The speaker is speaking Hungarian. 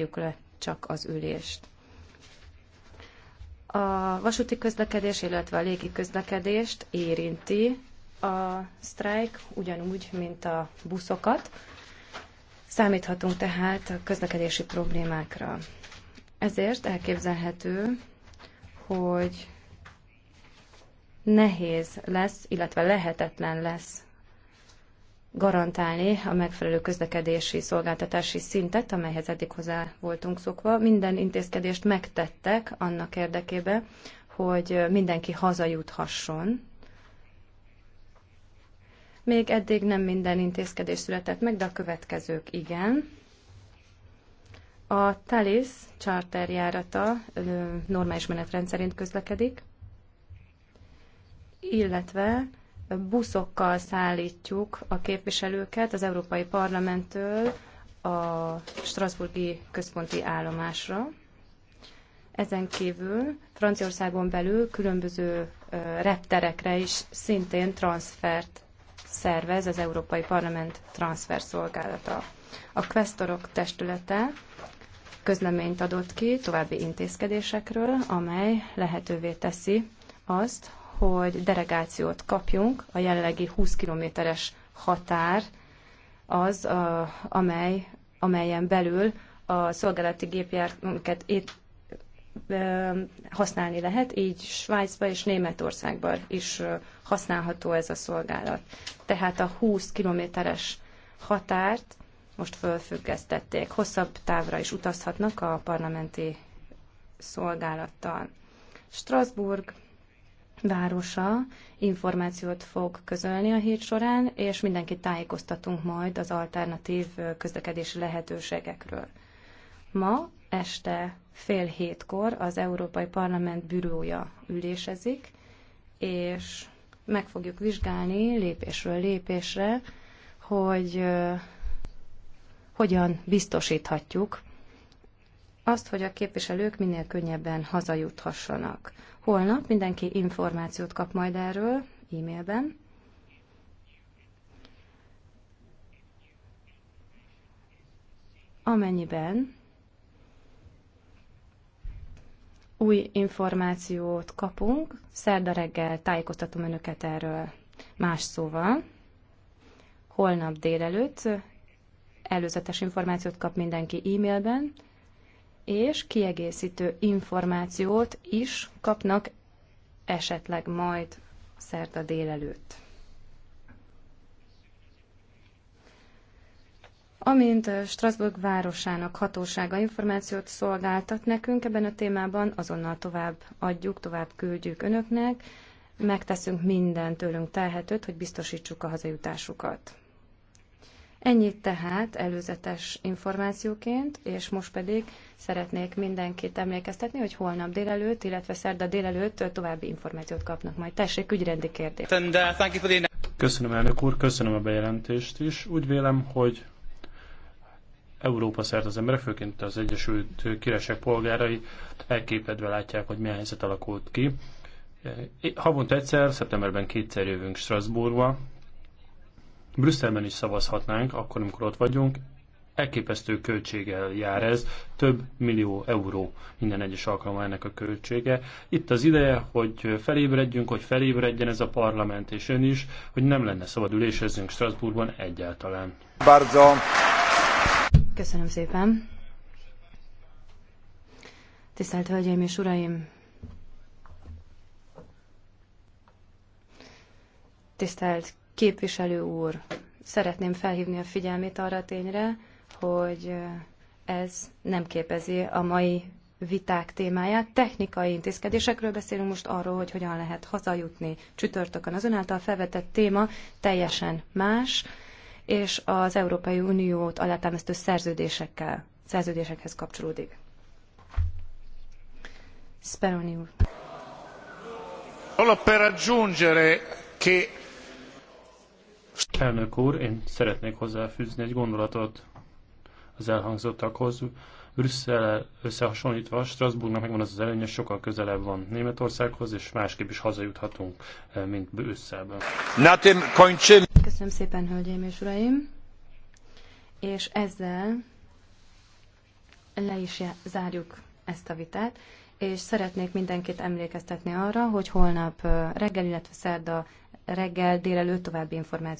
zárjuk le csak az ülést. A vasúti közlekedés, illetve a légi közlekedést érinti a sztrájk, ugyanúgy, mint a buszokat. Számíthatunk tehát a közlekedési problémákra. Ezért elképzelhető, hogy nehéz lesz, illetve lehetetlen lesz garantálni a megfelelő közlekedési szolgáltatási szintet, amelyhez eddig hozzá voltunk szokva. Minden intézkedést megtettek annak érdekében, hogy mindenki hazajuthasson. Még eddig nem minden intézkedés született meg, de a következők igen. A Thalys charterjárata normális menetrend szerint közlekedik, illetve buszokkal szállítjuk a képviselőket az Európai Parlamenttől a Strasburgi központi állomásra. Ezen kívül Franciaországon belül különböző repterekre is szintén transfert szervez az Európai Parlament transferszolgálata. A Questorok testülete közleményt adott ki további intézkedésekről, amely lehetővé teszi azt, hogy delegációt kapjunk, a jelenlegi 20 kilométeres határ az, a, amely, amelyen belül a szolgálati gépjárműket itt használni lehet, így Svájcba és Németországban is használható ez a szolgálat. Tehát a 20 kilométeres határt most fölfüggesztették. Hosszabb távra is utazhatnak a parlamenti szolgálattal. Strasbourg városa információt fog közölni a hét során, és mindenkit tájékoztatunk majd az alternatív közlekedési lehetőségekről. Ma este fél hétkor az Európai Parlament bürója ülésezik, és meg fogjuk vizsgálni lépésről lépésre, hogy hogyan biztosíthatjuk azt, hogy a képviselők minél könnyebben hazajuthassanak. Holnap mindenki információt kap majd erről e-mailben. Amennyiben új információt kapunk, szerda reggel tájékoztatom önöket erről más szóval. Holnap délelőtt előzetes információt kap mindenki e-mailben, és kiegészítő információt is kapnak esetleg majd szerda délelőtt. Amint Strasbourg városának hatósága információt szolgáltat nekünk ebben a témában, azonnal tovább adjuk, tovább küldjük önöknek, megteszünk minden tőlünk telhetőt, hogy biztosítsuk a hazajutásukat. Ennyit tehát előzetes információként, és most pedig szeretnék mindenkit emlékeztetni, hogy holnap délelőtt, illetve szerda délelőtt további információt kapnak majd. Tessék, ügyrendi kérdés. Uh, köszönöm, elnök úr, köszönöm a bejelentést is. Úgy vélem, hogy Európa szerte az emberek, főként az Egyesült Királyság polgárai elképedve látják, hogy milyen helyzet alakult ki. Havonta egyszer, szeptemberben kétszer jövünk Strasbourgba, Brüsszelben is szavazhatnánk, akkor, amikor ott vagyunk, elképesztő költséggel jár ez, több millió euró minden egyes alkalommal ennek a költsége. Itt az ideje, hogy felébredjünk, hogy felébredjen ez a parlament és ön is, hogy nem lenne szabad ülésezzünk Strasbourgban egyáltalán. Bardzo. Köszönöm szépen. Tisztelt Hölgyeim és Uraim! Tisztelt Képviselő úr, szeretném felhívni a figyelmét arra a tényre, hogy ez nem képezi a mai viták témáját. Technikai intézkedésekről beszélünk most arról, hogy hogyan lehet hazajutni csütörtökön. Az önáltal felvetett téma teljesen más, és az Európai Uniót alátámasztó szerződésekkel, szerződésekhez kapcsolódik. Speroni úr. Solo per aggiungere che Elnök úr, én szeretnék hozzáfűzni egy gondolatot az elhangzottakhoz. Brüsszel összehasonlítva Strasbourgnak megvan az az előnye, sokkal közelebb van Németországhoz, és másképp is hazajuthatunk, eh, mint Brüsszelben. Köszönöm szépen, hölgyeim és uraim! És ezzel le is zárjuk ezt a vitát, és szeretnék mindenkit emlékeztetni arra, hogy holnap eh, reggel, illetve szerda reggel délelőtt további információ